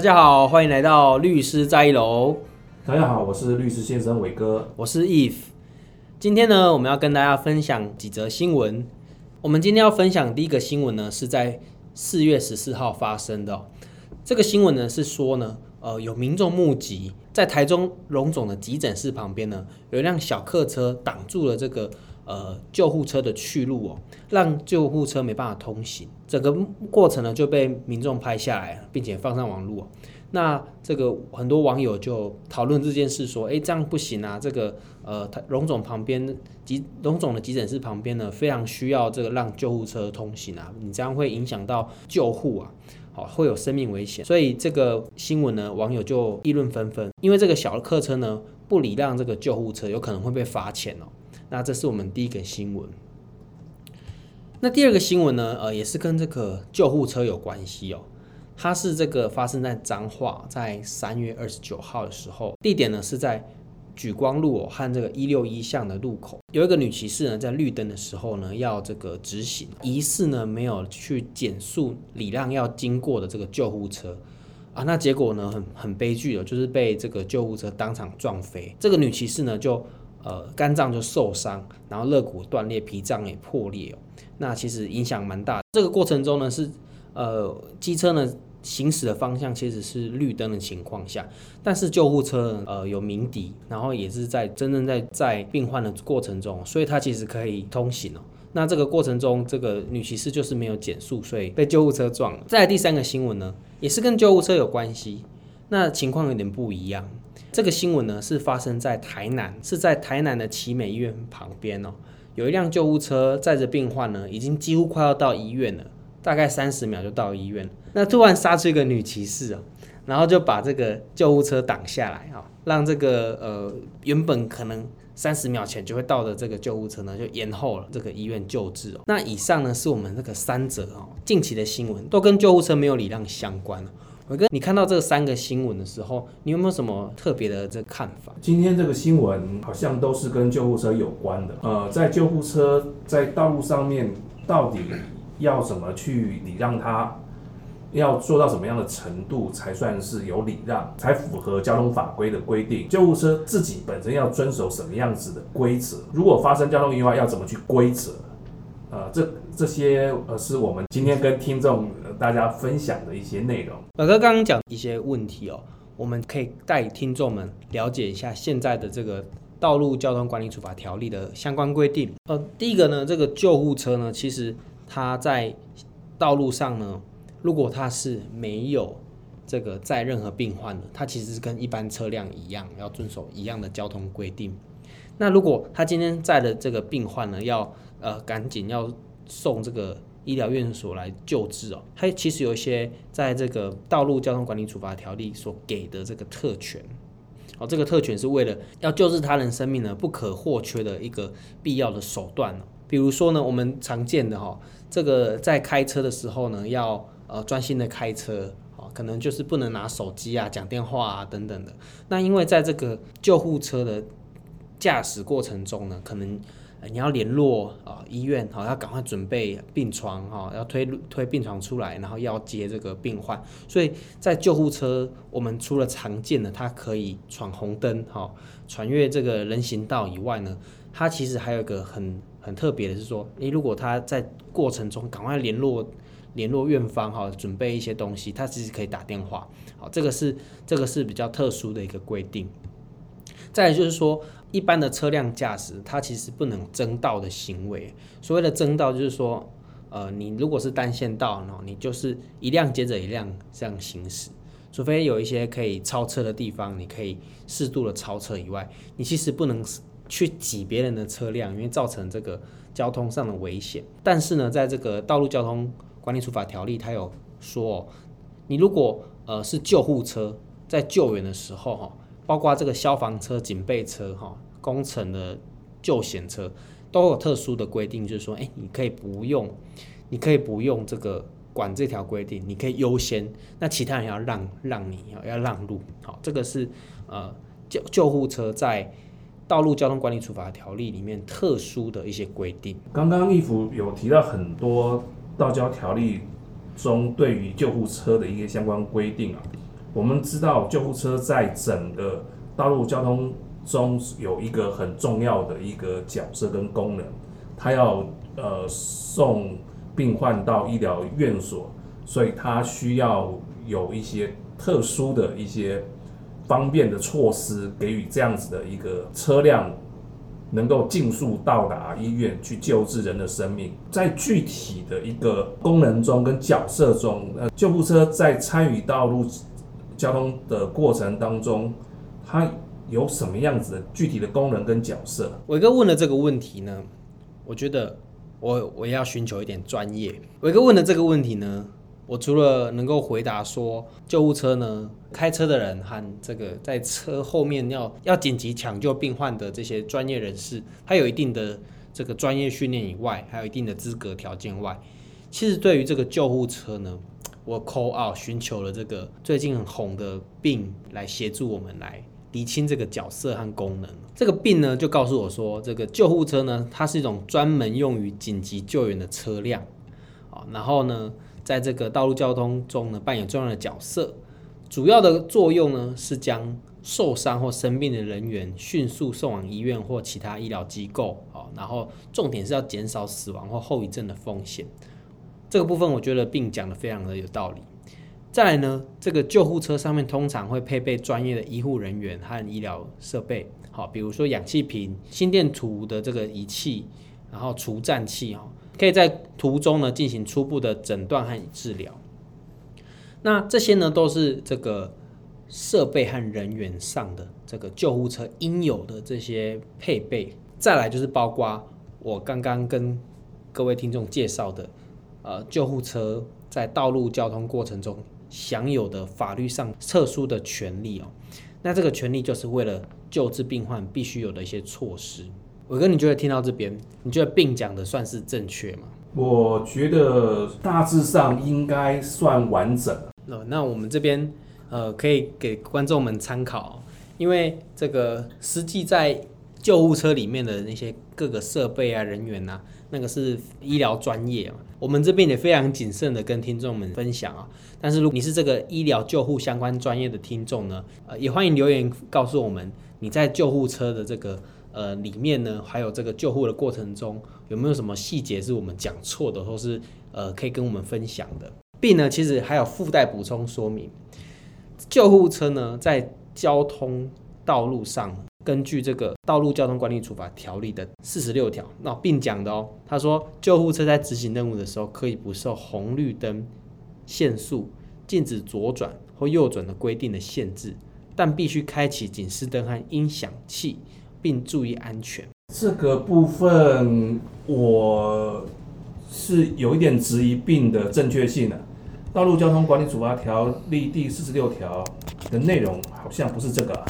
大家好，歡迎來到律師在一樓。大家好，我是律師先生偉哥，我是 IF。今天呢，我們要跟大家分享幾則新聞。我們今天要分享第一個新聞呢，是在四月十四號發生的哦。這個新聞呢，是說呢，呃，有民眾目擊在台中榮總的急診室旁邊呢，有一輛小客車擋住了這個。呃，救護車的去路哦，讓救護車沒辦法通行，整個過程呢就被民眾拍下來，並且放上網絡、哦。那這個很多網友就討論這件事，說：哎、欸，這樣不行啊！這個呃，榮總旁邊急榮總的急診室旁邊呢，非常需要這個讓救護車通行啊，你這樣會影響到救護啊，好、哦、會有生命危險。所以這個新聞呢，網友就議論紛紛，因為這個小的客車呢不禮讓這個救護車，有可能會被罰錢哦。那這是我們第一個新聞。那第二個新聞呢？呃，也是跟這個救護車有關係哦。它是這個發生在彰化，在三月二十九號的時候，地點呢是在莒光路、哦、和這個一六一巷的路口，有一個女騎士呢，在綠燈的時候呢，要這個直行，疑似呢沒有去減速禮讓要經過的這個救護車啊，那結果呢，很很悲劇的，就是被這個救護車當場撞飛，這個女騎士呢就。呃，肝臟就受傷，然後肋骨斷裂，脾臟也破裂哦，那其實影響蠻大的。這個過程中呢，是呃，機車呢行駛的方向其實是綠燈的情況下，但是救護車呢呃有鳴笛，然後也是在真正在在病患的過程中，所以它其實可以通行哦。那這個過程中，這個女騎士就是沒有減速，所以被救護車撞了。再來第三個新聞呢，也是跟救護車有關係，那情況有點不一樣。這個新聞呢，是發生在台南，是在台南的奇美醫院旁邊哦，有一輛救護車載着病患呢，已經幾乎快要到醫院了，大概三十秒就到醫院。那突然殺出一個女騎士啊、哦，然後就把這個救護車擋下來啊、哦，讓這個呃原本可能三十秒前就會到的這個救護車呢就延後了這個醫院救治哦。那以上呢是我們這個三則哦近期的新聞都跟救護車沒有禮讓相關。瑋哥你看到這三個新聞的時候，你有沒有什麼特別的這看法？今天這個新聞好像都是跟救護車有關的。呃，在救護車在道路上面，到底要怎麼去禮讓它？要做到什麼樣的程度才算是有禮讓，才符合交通法規的規定？救護車自己本身要遵守什麼樣子的規則？如果發生交通意外，要怎麼去規則？呃，這這些呃，是我們今天跟聽眾大家分享的一些內容。瑋哥、呃、剛剛講一些問題哦，我們可以帶聽眾們了解一下現在的這個《道路交通管理處罰條例》的相關規定。呃，第一個呢，這個救護車呢，其實它在道路上呢，如果它是沒有這個載任何病患的，它其實是跟一般車輛一樣，要遵守一樣的交通規定。那如果它今天載的這個病患呢，要呃，趕緊要送這個醫療院所來救治哦。還其實有一些在這個道路交通管理處罰條例所給的這個特權，哦，這個特權是為了要救治他人生命呢，不可或缺的一個必要的手段。比如說呢，我們常見的哈，哦，這個在開車的時候呢，要呃專心的開車，哦，可能就是不能拿手機啊、講電話啊等等的。那因為在這個救護車的駕駛過程中呢，可能。你要聯絡啊醫院，哈，要趕快準備病床，哈，要推推病床出來，然後要接這個病患。所以在救護車，我們除了常見的它可以闖紅燈哈，穿越這個人行道以外呢，它其實還有一個很很特別的，是說，哎，如果他在過程中趕快聯絡聯絡院方哈，準備一些東西，他其實可以打電話。好，這個是這個是比較特殊的一個規定。再就是說。一般的車輛駕駛，它其實不能爭道的行為。所謂的爭道，就是說，呃，你如果是單線道呢，你就是一輛接着一輛這樣行駛，除非有一些可以超車的地方，你可以適度的超車以外，你其實不能去擠別人的車輛，因為造成這個交通上的危險。但是呢，在這個道路交通管理處罰條例，它有說哦，你如果呃是救護車在救援的時候哈。包括這個消防車、警備車、哈工程的救險車，都有特殊的規定，就是說，哎、欸，你可以不用，你可以不用這個管這條規定，你可以優先，那其他人要讓，讓你要讓路，好、哦，這個是呃救救護車在道路交通管理處罰條例裡面特殊的一些規定。剛剛 IF 有提到很多道交條例中對於救護車的一些相關規定啊。我們知道救護車在整個道路交通中有一個很重要的一個角色跟功能，它要呃送病患，到醫療院所，所以它需要有一些特殊的一些方便的措施，給予這樣子的一個車輛能夠盡速到達醫院去救治人的生命。在具體的一個功能中跟角色中，呃，救護車在參與道路。交通的過程當中，它有什麼樣子的具體的功能跟角色？偉哥問了這個問題呢，我覺得我我也要尋求一點專業。偉哥問的這個問題呢，我除了能夠回答說救護車呢，開車的人和這個在車後面要要緊急搶救病患的這些專業人士，他有一定的這個專業訓練以外，還有一定的資格條件外，其實對於這個救護車呢。我 call out，尋求了這個最近很紅的 Bing 來協助我們來釐清這個角色和功能。這個 Bing 呢，就告訴我說，這個救護車呢，它是一種專門用於緊急救援的車輛啊。然後呢，在這個道路交通中呢，扮演重要的角色。主要的作用呢，是將受傷或生病的人員迅速送往醫院或其他醫療機構啊。然後重點是要減少死亡或後遺症的風險。這個部分我覺得 Bing 講得非常的有道理。再來呢，這個救護車上面通常會配備專業的醫護人員和醫療設備，好，比如說氧氣瓶、心電圖的這個儀器，然後除顫器哦，可以在途中呢進行初步的診斷和治療。那這些呢都是這個設備和人員上的這個救護車應有的這些配備。再來就是包括我剛剛跟各位聽眾介紹的。呃，救護車在道路交通過程中享有的法律上特殊的權利哦，那這個權利就是為了救治病患必須有的一些措施。瑋哥，你覺得聽到這邊，你覺得 Bing 講的算是正確嗎？我覺得大致上應該算完整了。呃，那我們這邊呃，可以給觀眾們參考，因為這個實際在。救護車裡面的那些各個設備啊、人員吶、啊，那個是醫療專業嘛。我們這邊也非常謹慎的跟聽眾們分享啊。但是，如果你是這個醫療救護相關專業的聽眾呢，呃，也歡迎留言告訴我們，你在救護車的這個呃裡面呢，還有這個救護的過程中，有沒有什麼細節是我們講錯的，或是呃可以跟我們分享的。Bing 呢，其實還有附帶補充說明，救護車呢，在交通。道路上，根據這個，道、哦，這個啊《道路交通管理處罰條例》的四十六條，那 Bing 講的哦，他說，救護車在執行任務的時候，可以不受紅綠燈、限速、禁止左轉或右轉的規定的限制，但必須開啟警示燈和音響器，並注意安全。這個部分我是有一點質疑，Bing 的正確性的。道路交通管理處罰條例》第四十六條的內容好像不是這個、啊。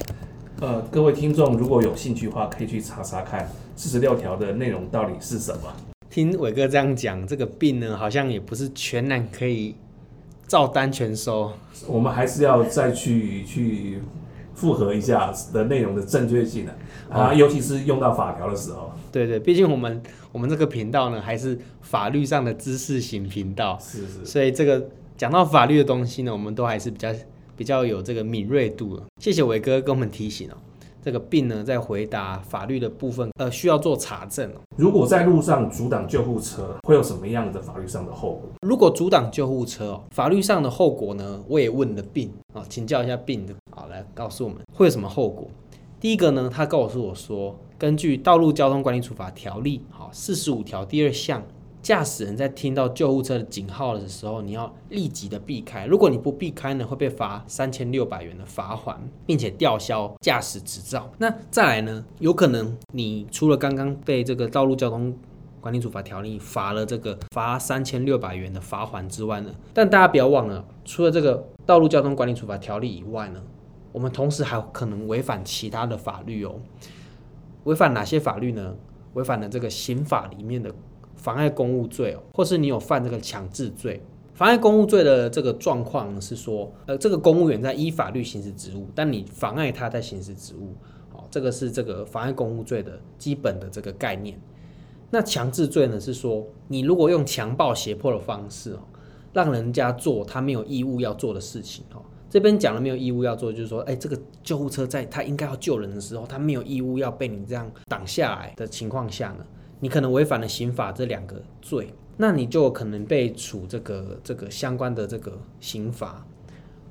呃，各位聽眾，如果有興趣的話，可以去查查看四十六條的內容到底是什麼。聽瑋哥這樣講，這個 Bing 呢，好像也不是全然可以照單全收。我們還是要再去去複核一下的內容的正確性啊，哦、啊，尤其是用到法條的時候。對，對對，畢竟我們我們這個頻道呢，還是法律上的知識型頻道，是是，所以這個講到法律的東西呢，我們都還是比較。比較有這個敏銳度了，謝謝瑋哥跟我們提醒哦、喔。這個 Bing 呢，在回答法律的部分，呃，需要做查證哦、喔。如果在路上阻擋救護車，會有什麼樣的法律上的後果？如果阻擋救護車哦、喔，法律上的後果呢？我也問了 Bing 啊、喔，請教一下 Bing 的，好來告訴我們會有什麼後果。第一個呢，他告訴我說，根據《道路交通管理處罰條例》好四十五條第二項。駕駛人在聽到救護車的警號的時候，你要立即的避開。如果你不避開呢，會被罰三千六百元的罰款，並且吊銷駕駛執照。那再來呢，有可能你除了剛剛被這個《道路交通管理處罰條例》罰了這個罰三千六百元的罰款之外呢，但大家不要忘了，除了這個《道路交通管理處罰條例》以外呢，我們同時還可能違反其他的法律喔。違反哪些法律呢？違反了這個刑法裡面的。妨害公務罪哦，或是你有犯這個強制罪。妨害公務罪的這個狀況呢是說，呃，這個公務員在依法律行使職務，但你妨礙他在行使職務，好、哦，這個是這個妨害公務罪的基本的這個概念。那強制罪呢，是說你如果用強暴脅迫的方式哦，讓人家做他沒有義務要做的事情哦。這邊講了沒有義務要做，就是說，哎、欸，這個救護車在他應該要救人的時候，他沒有義務要被你這樣擋下來的情況下呢。你可能違反了刑法這兩個罪，那你就有可能被處這個這個相關的這個刑罰。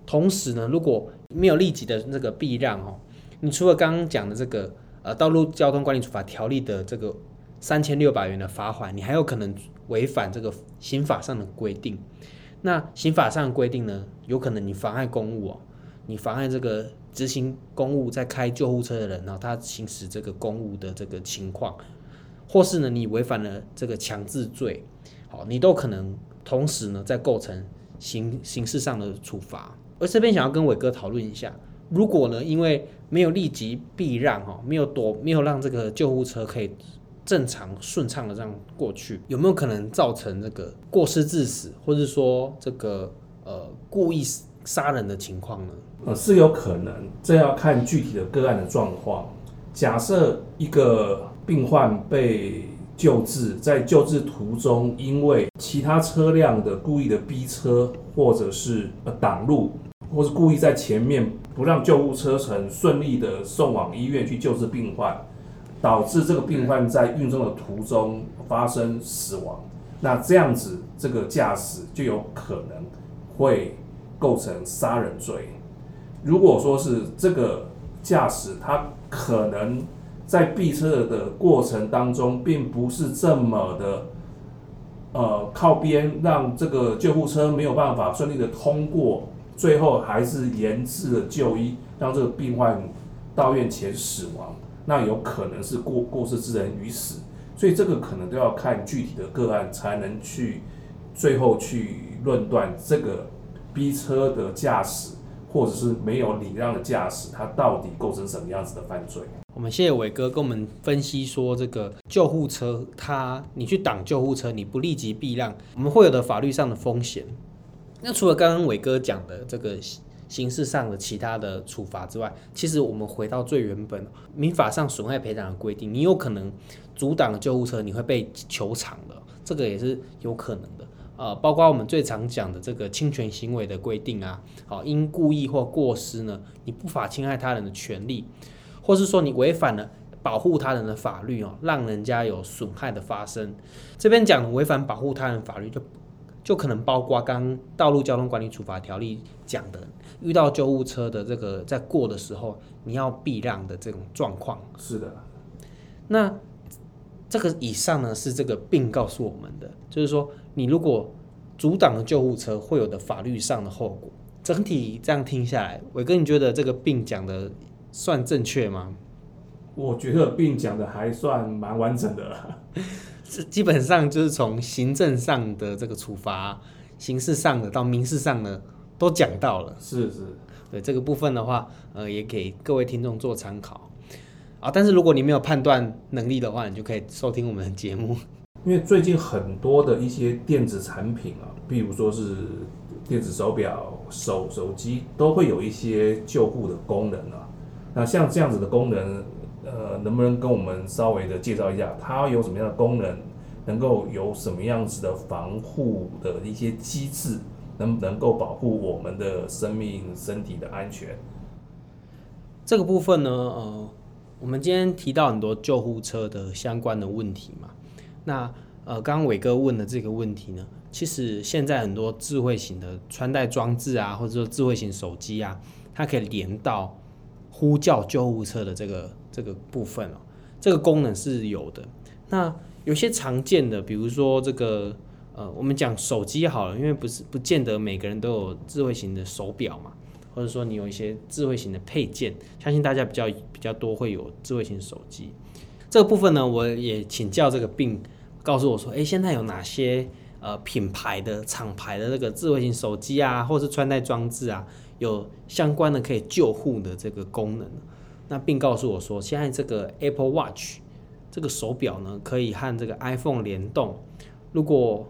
同時呢，如果沒有立即的這個避讓哦，你除了剛剛講的這個呃《道路交通管理處罰條例》的這個三千六百元的罰款，你還有可能違反這個刑法上的規定。那刑法上的規定呢，有可能你妨害公務哦，你妨害這個執行公務在開救護車的人啊，然後他行使這個公務的這個情況。或是呢，你違反了這個強制罪，好，你都可能同時呢在構成刑刑事上的處罰。而這邊想要跟偉哥討論一下，如果呢因為沒有立即避讓哈、喔，沒有躲，沒有讓這個救護車可以正常順暢的這樣過去，有沒有可能造成這個過失致死，或是說這個呃故意殺人的情況呢？呃，是有可能，這要看具體的個案的狀況。假設一個。病患被救治，在救治途中，因為其他車輛的故意的逼車，或者是擋路，或是故意在前面不讓救護車程順利的送往醫院去救治病患，導致這個病患在運送的途中發生死亡，那這樣子這個駕駛就有可能會構成殺人罪。如果說是這個駕駛他可能。在逼車的過程當中，並不是這麼的，呃，靠邊讓這個救護車沒有辦法順利的通過，最後還是延遲了就醫，讓這個病患到院前死亡，那有可能是過過失致人於死，所以這個可能都要看具體的個案，才能去最後去論斷這個逼車的駕駛，或者是沒有禮讓的駕駛，它到底構成什麼樣子的犯罪。我們謝謝偉哥跟我們分析說，這個救護車，他你去擋救護車，你不立即避讓，我們會有的法律上的風險。那除了剛剛偉哥講的這個刑事上的其他的處罰之外，其實我們回到最原本民法上損害賠償的規定，你有可能阻擋救護車，你會被求償的，這個也是有可能的。呃，包括我們最常講的這個侵權行為的規定啊，好，因故意或過失呢，你不法侵害他人的權利。或是說你違反了保護他人的法律哦、喔，讓人家有損害的發生。這邊講違反保護他人法律，就就可能包括剛《道路交通管理處罰條例》講的，遇到救護車的這個在過的時候你要避讓的這種狀況。是的。那這個以上呢是這個 Bing 告訴我們的，就是說你如果阻擋了救護車，會有的法律上的後果。整體這樣聽下來，瑋哥，你覺得這個 Bing 講的？算正確嗎？我覺得 Bing 講的還算蠻完整的、啊，是基本上就是從行政上的這個處罰，刑事上的到民事上的都講到了。是是，對，對這個部分的話，呃，也給各位聽眾做參考啊。但是如果你沒有判斷能力的話，你就可以收聽我們的節目。因為最近很多的一些電子產品啊，比如說是電子手錶、手手機，都會有一些救護的功能啊。那像這樣子的功能，呃，能不能跟我們稍微的介紹一下，它有什麼樣的功能，能夠有什麼樣子的防護的一些機制，能能夠保護我們的生命、身體的安全？這個部分呢，呃，我們今天提到很多救護車的相關的問題嘛。那呃，剛剛瑋哥問的這個問題呢，其實現在很多智慧型的穿戴裝置啊，或者說智慧型手機啊，它可以連到。呼叫救護車的這個這個部分喔，這個功能是有的。那有些常見的，比如說這個呃，我們講手機好了，因為不是不見得每個人都有智慧型的手錶嘛，或者說你有一些智慧型的配件，相信大家比較比較多會有智慧型手機。這個部分呢，我也請教這個 Bing，告訴我說，欸，現在有哪些呃品牌的廠牌的那個智慧型手機啊，或是穿戴裝置啊？有相關的可以救護的這個功能，那 Bing 告訴我說，現在這個 Apple Watch 這個手錶呢，可以和這個 iPhone 聯動。如果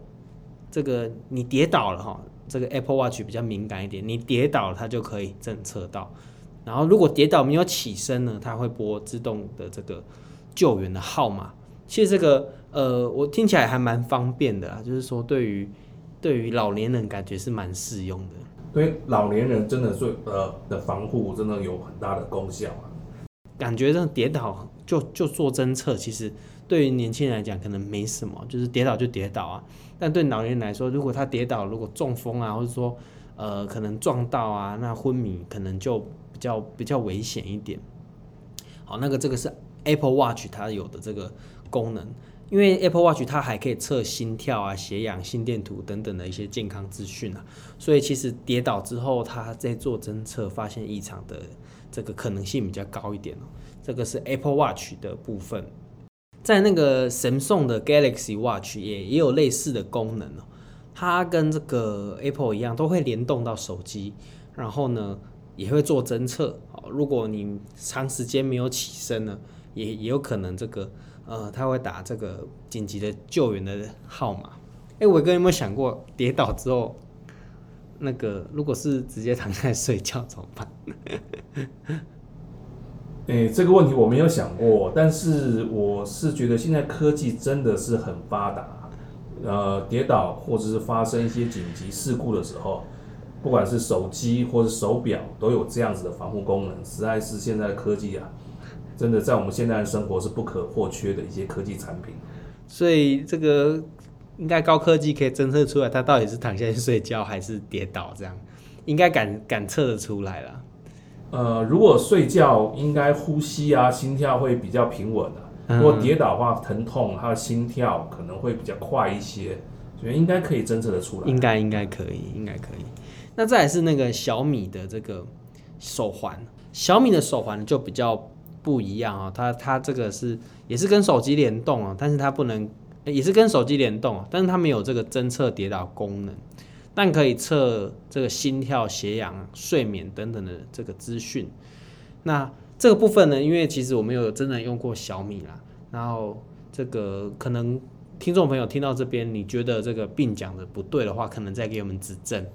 這個你跌倒了哈，這個 Apple Watch 比較敏感一點，你跌倒了它就可以偵測到。然後如果跌倒沒有起身呢，它會撥自動的這個救援的號碼。其實這個呃，我聽起來還蠻方便的啊，就是說，對於對於老年人感覺是蠻適用的。對老年人真的說呃的防護，真的有很大的功效啊。感覺上跌倒就就做偵測，其實對於年輕人來講可能沒什麼，就是跌倒就跌倒啊。但對老年人來說，如果他跌倒，如果中風啊，或者說呃可能撞到啊，那昏迷可能就比較比較危險一點。好，那個這個是 Apple Watch 它有的這個功能。因為 Apple Watch 它還可以測心跳啊、血氧、心電圖等等的一些健康資訊啊，所以其實跌倒之後它在做偵測，發現異常的這個可能性比較高一點哦。這個是 Apple Watch 的部分，在那個 Samsung 的 Galaxy Watch 也也有類似的功能哦。它跟這個 Apple 一樣，都會連動到手機，然後呢也會做偵測哦。如果你長時間沒有起身呢，也也有可能這個。呃，他會打這個緊急的救援的號碼。哎、欸，瑋哥有沒有想過跌倒之後，那個如果是直接躺在睡覺怎麼辦？哎、 欸，這個問題我沒有想過，但是我是覺得現在科技真的是很發達。呃，跌倒或者是發生一些緊急事故的時候，不管是手機或者手表，都有這樣子的防護功能，實在是現在的科技啊。真的在我們現在的生活是不可或缺的一些科技產品，所以這個應該高科技可以偵測出來，它到底是躺下去睡覺還是跌倒這樣，應該感感測得出來了。呃，如果睡覺應該呼吸啊心跳會比較平穩、啊嗯、如果跌倒的話，疼痛還有心跳可能會比較快一些，所以應該可以偵測得出來。應該應該可以，應該可以。那再來是那個小米的這個手環，小米的手環就比較。不一樣啊、哦，它它這個是也是跟手機聯動啊、哦，但是它不能，欸、也是跟手機聯動啊，但是它沒有這個偵測跌倒功能，但可以測這個心跳、血氧、睡眠等等的這個資訊。那這個部分呢，因為其實我沒有真的用過小米啦，然後這個可能聽眾朋友聽到這邊，你覺得這個 Bing 講的不對的話，可能再給我們指正。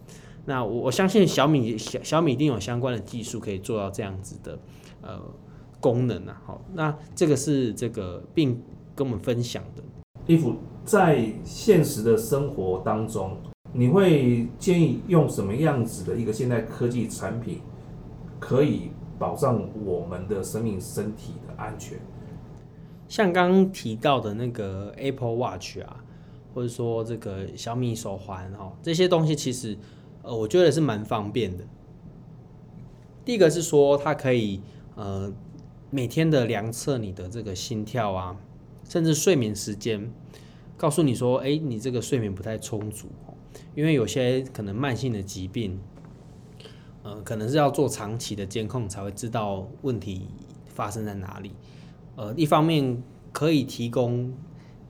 那我，我相信小米小，小米一定有相關的技術可以做到這樣子的，呃。功能啊，好，那這個是這個，Bing 跟我們分享的。IF 在現實的生活當中，你會建議用什麼樣子的一個現代科技產品，可以保障我們的生命身體的安全？像剛剛提到的那個 Apple Watch 啊，或者說這個小米手環哈、喔，這些東西其實呃，我覺得是蠻方便的。第一個是說它可以呃。每天的量測你的這個心跳啊，甚至睡眠時間，告訴你說，哎、欸，你這個睡眠不太充足，因為有些可能慢性的疾病，呃，可能是要做長期的監控才會知道問題發生在哪裡。呃，一方面可以提供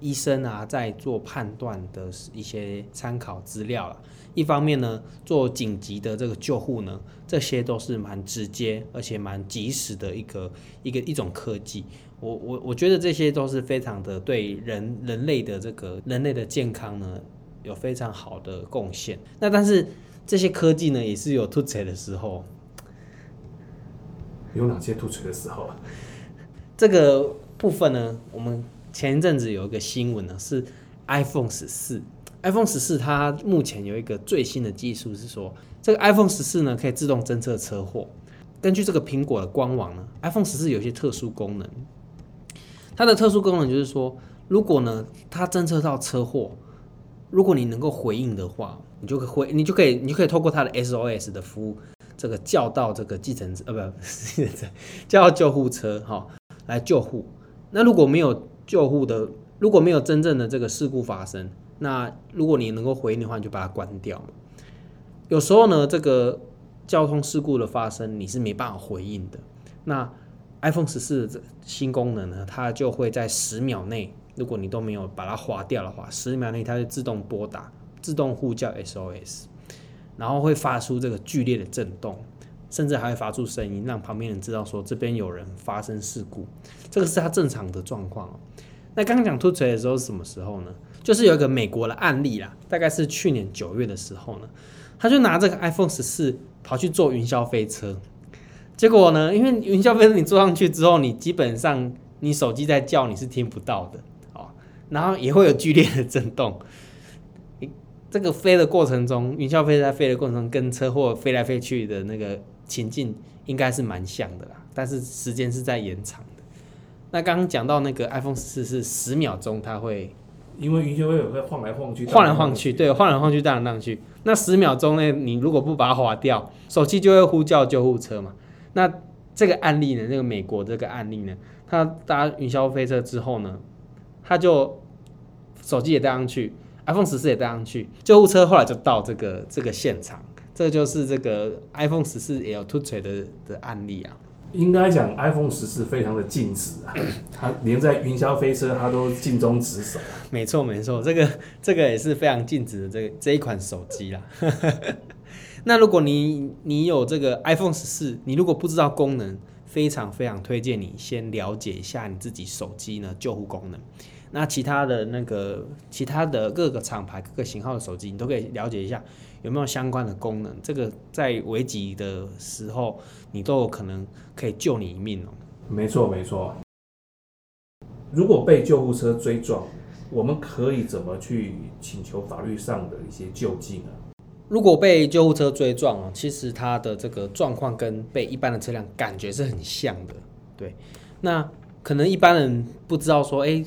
醫生啊在做判斷的一些參考資料。一方面呢，做緊急的這個救護呢，這些都是蠻直接而且蠻及時的一個一個一種科技。我我我覺得這些都是非常的對人人類的這個人類的健康呢有非常好的貢獻。那但是這些科技呢，也是有凸槌的時候。有哪些凸槌的時候啊？這個部分呢，我們前一陣子有一個新聞呢，是 iPhone 14。iPhone 十四它目前有一個最新的技術是說，這個 iPhone 十四呢，可以自動偵測車禍。根據這個蘋果的官網呢，iPhone 十四有一些特殊功能，它的特殊功能就是說，如果呢它偵測到車禍，如果你能夠回應的話，你就會你就可以你就可以透過它的 SOS 的服務，這個叫到這個計程車，呃不是計程車，叫到救護車哈、喔、來救護。那如果沒有救護的，如果沒有真正的這個事故發生。那如果你能夠回應的話，你就把它關掉。有時候呢，這個交通事故的發生你是沒辦法回應的。那 iPhone 十四的新功能呢，它就會在十秒內，如果你都沒有把它劃掉的話，十秒內它就自動撥打、自動呼叫 SOS，然後會發出這個劇烈的震動，甚至還會發出聲音，讓旁邊人知道說這邊有人發生事故。這個是它正常的狀況。那剛剛講凸槌的時候，是什麼時候呢？就是有一個美國的案例啦，大概是去年九月的時候呢，他就拿這個 iPhone 十四跑去坐雲霄飛車，結果呢，因為雲霄飛車你坐上去之後，你基本上你手機在叫你是聽不到的哦，然後也會有劇烈的震動。這個飛的過程中，雲霄飛車在飛的過程中跟車禍飛來飛去的那個情境應該是蠻像的啦，但是時間是在延長的。那剛剛講到那個 iPhone 十四是十秒鐘它會。因為雲霄飛車會晃來晃去，晃，去晃來晃去，對，晃來晃去，盪來盪去。那十秒鐘內，你如果不把它滑掉，手機就會呼叫救護車嘛。那這個案例呢？這個美國這個案例呢？他搭雲霄飛車之後呢，他就手機也帶上去，iPhone 十四也帶上去，救護車後來就到這個這個現場。這個、就是這個 iPhone 十四也有突錘的的案例啊。應該講，iPhone 14非常的盡職啊， 它連在雲霄飛車它都盡忠職守、啊沒錯。沒錯沒錯，這個這個也是非常盡職的這個、這一款手機啦。 那如果你你有這個 iPhone 14，你如果不知道功能，非常非常推薦你先了解一下你自己手機的救護功能。那其他的那個其他的各個廠牌、各個型號的手機，你都可以了解一下。有沒有相關的功能？這個在危急的時候，你都有可能可以救你一命哦。沒錯，沒錯。如果被救護車追撞，我們可以怎麼去請求法律上的一些救濟呢？如果被救護車追撞，其實它的這個狀況跟被一般的車輛感覺是很像的。對，那可能一般人不知道說，誒，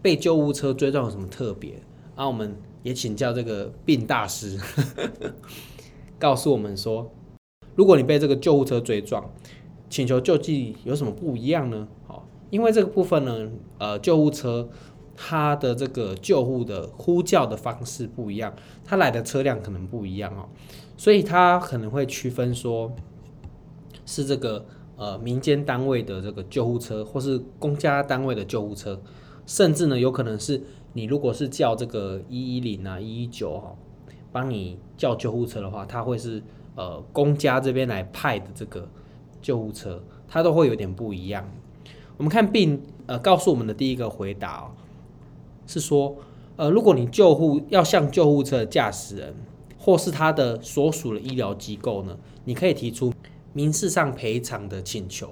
被救護車追撞有什麼特別啊？我們也請教這個 Bing 大師， 告訴我們說，如果你被這個救護車追撞，請求救濟有什麼不一樣呢？哦，因為這個部分呢，呃，救護車它的這個救護的呼叫的方式不一樣，它來的車輛可能不一樣哦、喔，所以它可能會區分說，是這個呃民間單位的這個救護車，或是公家單位的救護車，甚至呢有可能是。你如果是叫這個一一零啊一一九哦，幫、喔、你叫救護車的話，他會是呃公家這邊來派的這個救護車，它都會有點不一樣。我們看 Bing 呃告訴我們的第一個回答哦、喔，是說呃如果你救護要向救護車駕駛人或是他的所屬的醫療機構呢，你可以提出民事上賠償的請求。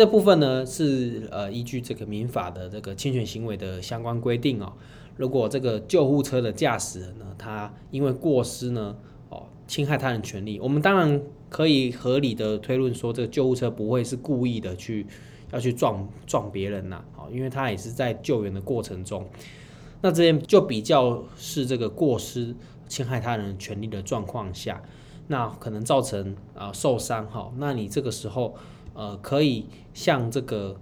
這部分呢是呃依據這個民法的這個侵權行為的相關規定哦。如果這個救護車的駕駛人呢，他因為過失呢哦侵害他人權利，我們當然可以合理的推論說，這個救護車不會是故意的去要去撞撞別人吶、啊。好、哦，因為他也是在救援的過程中，那這邊就比較是這個過失侵害他人權利的狀況下，那可能造成啊、呃、受傷哈、哦。那你這個時候。呃，可以向這個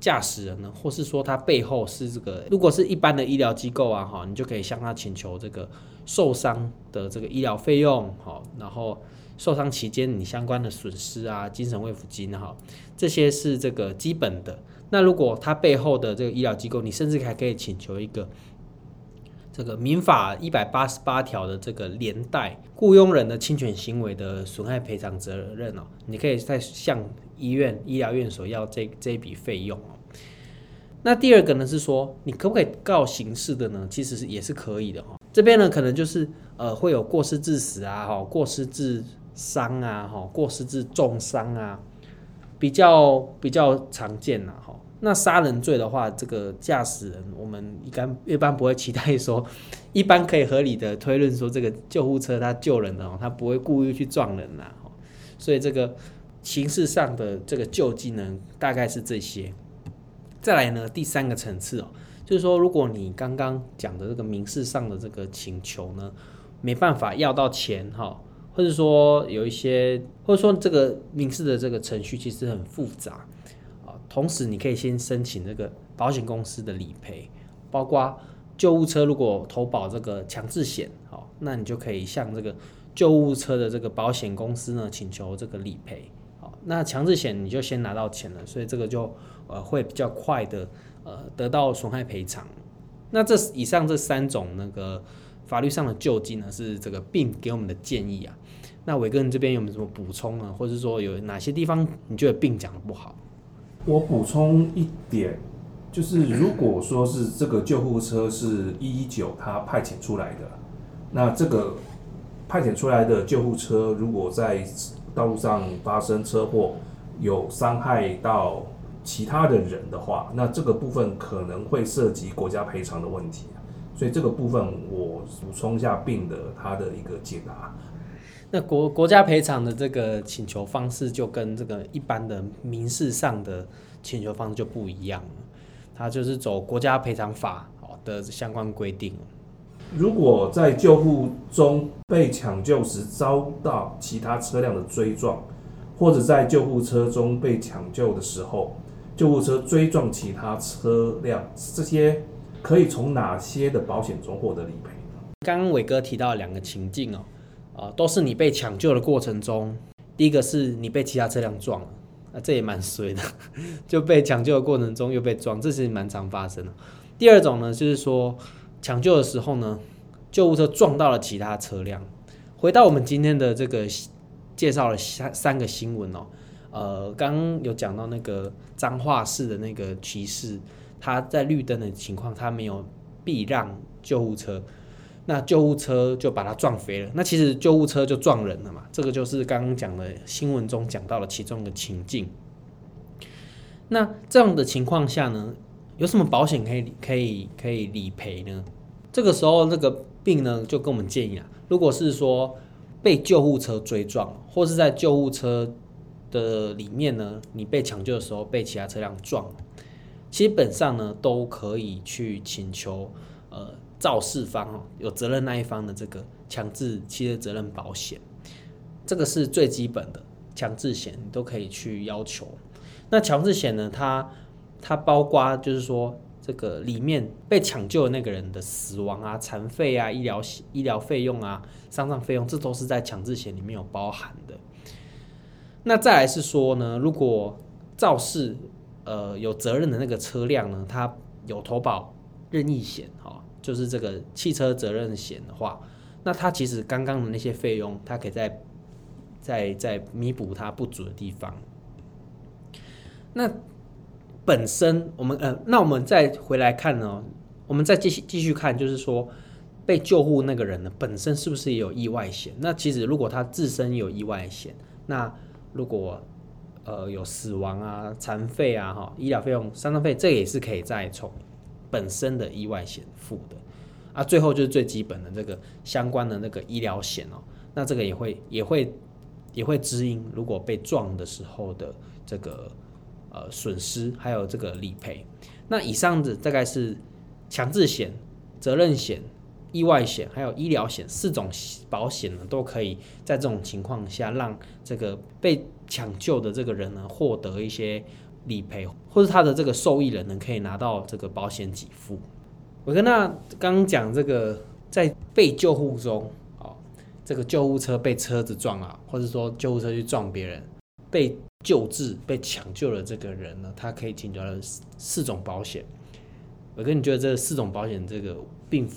駕駛人呢，或是說他背後是這個，如果是一般的醫療機構啊，哈、哦，你就可以向他請求這個受傷的這個醫療費用，哈、哦，然後受傷期間你相關的損失啊、精神慰撫金，哈、哦，這些是這個基本的。那如果他背後的這個醫療機構，你甚至還可以請求一個這個民法一百八十八條的這個連帶雇傭人的侵權行為的損害賠償責任哦，你可以再向。醫院、醫療院所要這這一筆費用。那第二個呢，是說，你可不可以告刑事的呢？其實是也是可以的哈。這邊呢可能就是呃會有過失致死啊，哈、啊，過失致傷啊，哈，過失致重傷啊，比較比較常見哈、啊。那殺人罪的話，這個駕駛人我們一般一般不會期待說，一般可以合理的推論說，這個救護車他救人的他不會故意去撞人吶、啊，所以這個。形式上的這個救濟呢，大概是這些。再來呢，第三個層次哦，就是說，如果你剛剛講的這個民事上的這個請求呢，沒辦法要到錢哈，或者說有一些，或者說這個民事的這個程序其實很複雜啊。同時，你可以先申請這個保險公司的理賠，包括救護車如果投保這個強制險哦，那你就可以向這個救護車的這個保險公司呢請求這個理賠。那強制險你就先拿到錢了，所以這個就呃會比較快的呃得到損害賠償。那這以上這三種那個法律上的救濟呢，是這個 Bing 給我們的建議啊。那偉哥你這邊有沒有什麼補充啊？或者說有哪些地方你覺得 Bing 講的不好？我補充一點，就是如果說是這個救護車是一一九他派遣出來的，那這個派遣出來的救護車如果在。道路上發生車禍，有傷害到其他的人的話，那這個部分可能會涉及國家賠償的問題。所以這個部分我補充一下，Bing 的他的一個解答。那國國家賠償的這個請求方式就跟這個一般的民事上的請求方式就不一樣了，它就是走國家賠償法的相關規定。如果在救護中被搶救時遭到其他車輛的追撞，或者在救護車中被搶救的時候，救護車追撞其他車輛，這些可以從哪些的保險中獲得理賠？剛剛瑋哥提到兩個情境哦，啊，都是你被搶救的過程中，第一個是你被其他車輛撞了，那、啊、這也蠻衰的，就被搶救的過程中又被撞，這是蠻常發生的。第二種呢，就是說。搶救的時候呢，救護車撞到了其他車輛。回到我們今天的這個介紹了三三個新聞哦、喔，呃，剛剛有講到那個彰化市的那個騎士，他在綠燈的情況，他沒有避讓救護車，那救護車就把他撞飛了。那其實救護車就撞人了嘛，這個就是剛剛講的新聞中講到了其中的情境。那這樣的情況下呢，有什麼保險可以可以可以理賠呢？這個時候那個 Bing 呢，就跟我們建議啊，如果是說被救護車追撞，或是在救護車的裡面呢，你被搶救的時候被其他車輛撞，基本上呢都可以去請求呃肇事方有責任那一方的這個強制汽車責任保險，這個是最基本的強制險，你都可以去要求。那強制險呢，它它包括，就是說，這個裡面被搶救的那個人的死亡啊、殘廢啊、醫療醫療費用啊、喪葬費用，這都是在強制險裡面有包含的。那再來是說呢，如果肇事呃有責任的那個車輛呢，它有投保任意險哈、哦，就是這個汽車責任險的話，那它其實剛剛的那些費用，它可以在在在彌補它不足的地方。那。本身我們呃，那我們再回來看呢，我們再繼續繼續看，就是說被救護那個人呢，本身是不是也有意外險？那其實如果他自身有意外險，那如果呃有死亡啊、殘廢啊、哈醫療費用、喪葬費，這個也是可以再從本身的意外險付的。啊，最後就是最基本的這個相關的那個醫療險哦，那這個也會也會也會知音，如果被撞的時候的這個。呃，損失還有這個理賠，那以上的大概是強制險、責任險、意外險還有醫療險四種保險呢，都可以在這種情況下讓這個被搶救的這個人呢獲得一些理賠，或是他的這個受益人呢可以拿到這個保險給付。我跟他剛講這個在被救護中，哦，這個救護車被車子撞了，或者說救護車去撞別人。被救治，被搶救了這個人呢，他可以請求了四四種保險。瑋哥，你覺得這四種保險這個病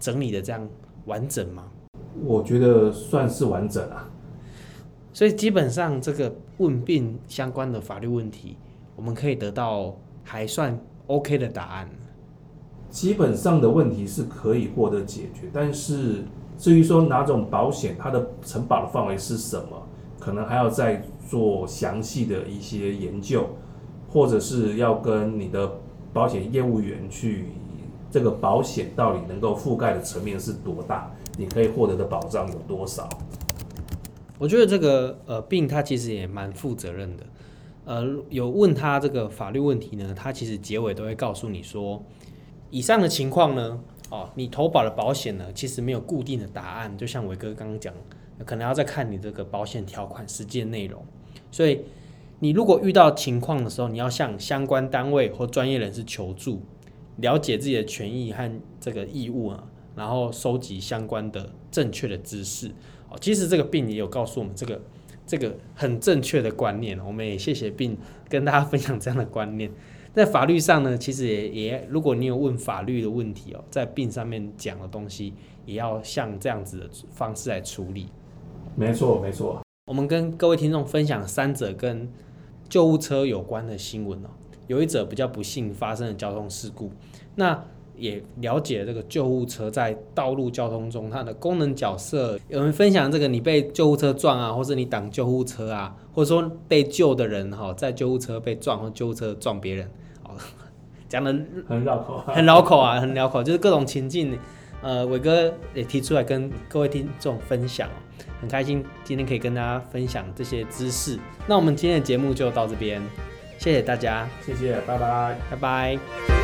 整理的這樣完整嗎？我覺得算是完整啊。所以基本上這個問病相關的法律問題，我們可以得到還算 OK 的答案。基本上的問題是可以獲得解決，但是至於說哪種保險它的承保的範圍是什麼，可能還要再。做詳細的一些研究，或者是要跟你的保險業務員去，這個保險到底能夠覆蓋的層面是多大，你可以獲得的保障，有多少？我覺得這個呃，Bing 他其實也蠻負責任的，呃，有問他這個法律問題呢，他其實結尾都會告訴你說，以上的情況呢，哦，你投保的保險呢，其實沒有固定的答案，就像瑋哥剛剛講，可能要再看你這個保險條款實際內容。所以，你如果遇到情況的時候，你要向相關單位或專業人士求助，了解自己的權益和這個義務啊，然後收集相關的正確的知識。哦，其實這個 Bing 也有告訴我們這個這個很正確的觀念，我們也謝謝 Bing 跟大家分享這樣的觀念。在法律上呢，其實也也，如果你有問法律的問題哦，在 Bing 上面講的東西，也要像這樣子的方式來處理。沒錯，沒錯。我們跟各位聽眾分享三則跟救護車有關的新聞哦，有一則比較不幸發生了交通事故，那也了解了這個救護車在道路交通中它的功能角色。有人分享這個，你被救護車撞啊，或是你擋救護車啊，或者說被救的人哈、喔，在救護車被撞或救護車撞別人，哦，講的很繞口，很繞口啊，很繞口，就是各種情境。呃，偉哥也提出來跟各位聽眾分享，很開心今天可以跟大家分享這些知識。那我們今天的節目就到這邊，謝謝大家，謝謝，拜拜，拜拜。